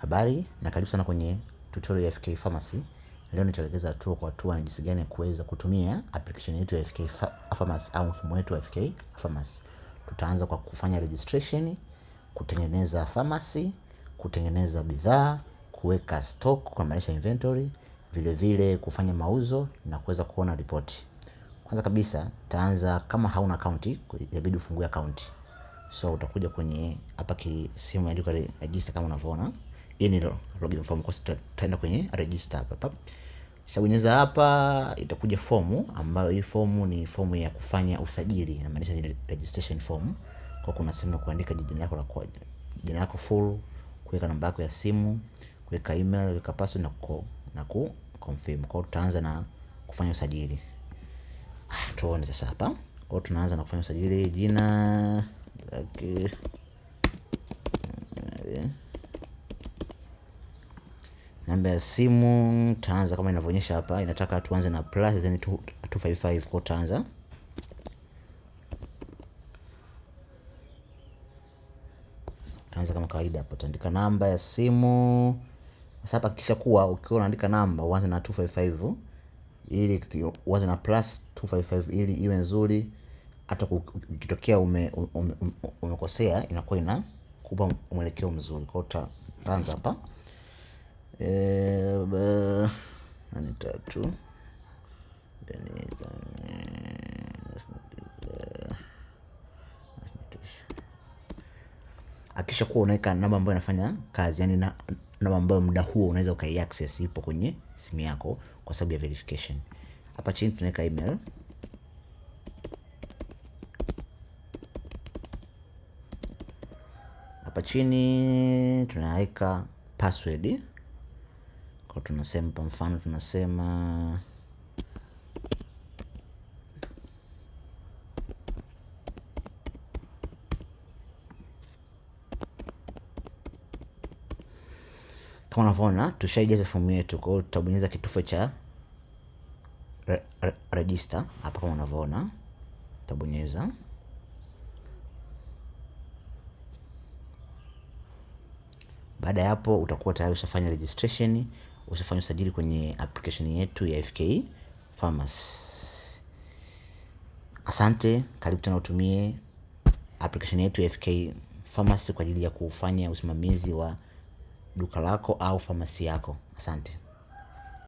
Habari na karibu sana kwenye tutorial ya FK Pharmacy. Leo nitaelekeza hatua kwa hatua ni jinsi gani kuweza kutumia application yetu ya FK Pharmacy au mfumo wetu wa FK Pharmacy. Tutaanza kwa kufanya registration, kutengeneza pharmacy, kutengeneza bidhaa, kuweka stock kwa maana inventory, vile vile kufanya mauzo na kuweza kuona ripoti. Kwanza kabisa taanza, kama hauna account, inabidi ufungue account. So utakuja kwenye hapa ki sehemu ya register kama unavyoona hii ni login form, kwa sababu tutaenda kwenye register hapa hapa. Shabonyeza hapa, itakuja fomu ambayo hii fomu ni fomu ya kufanya usajili, inamaanisha ni registration form, kwa kuna sehemu ya kuandika jina lako la kwanza, jina lako full, kuweka namba yako ya simu, kuweka email, kuweka password na ku na ku confirm. Kwa tutaanza na kufanya usajili. Ah, tuone sasa hapa. Kwa tunaanza na kufanya usajili, jina lake okay namba ya simu tutaanza kama inavyoonyesha hapa, inataka tuanze na plus then 255 kwa tutaanza tutaanza kama kawaida hapo, taandika namba ya simu. Sasa hapa kisha kuwa ukiwa unaandika namba uanze na 255 ili uanze na plus 255 ili iwe nzuri, hata ukitokea ume, ume, ume, umekosea inakuwa inakupa mwelekeo mzuri. Kwa hiyo taanza hapa Eh, eh, tatu um, akisha kuwa unaweka namba ambayo inafanya kazi, yani namba ambayo muda huo unaweza access ipo kwenye simu yako kwa sababu ya verification. Hapa chini tunaweka email hapa chini tunaweka password ambako tunasema, kwa mfano tunasema kama unavyoona tushaijaza fomu yetu. Kwa hiyo tutabonyeza kitufe cha re, re, register hapa, kama unavyoona tutabonyeza baada ya hapo utakuwa tayari ushafanya registration usifanye usajili kwenye application yetu ya FK Farmers. Asante, karibu tena utumie application yetu ya FK Pharmacy kwa ajili ya kufanya usimamizi wa duka lako au famasi yako. Asante.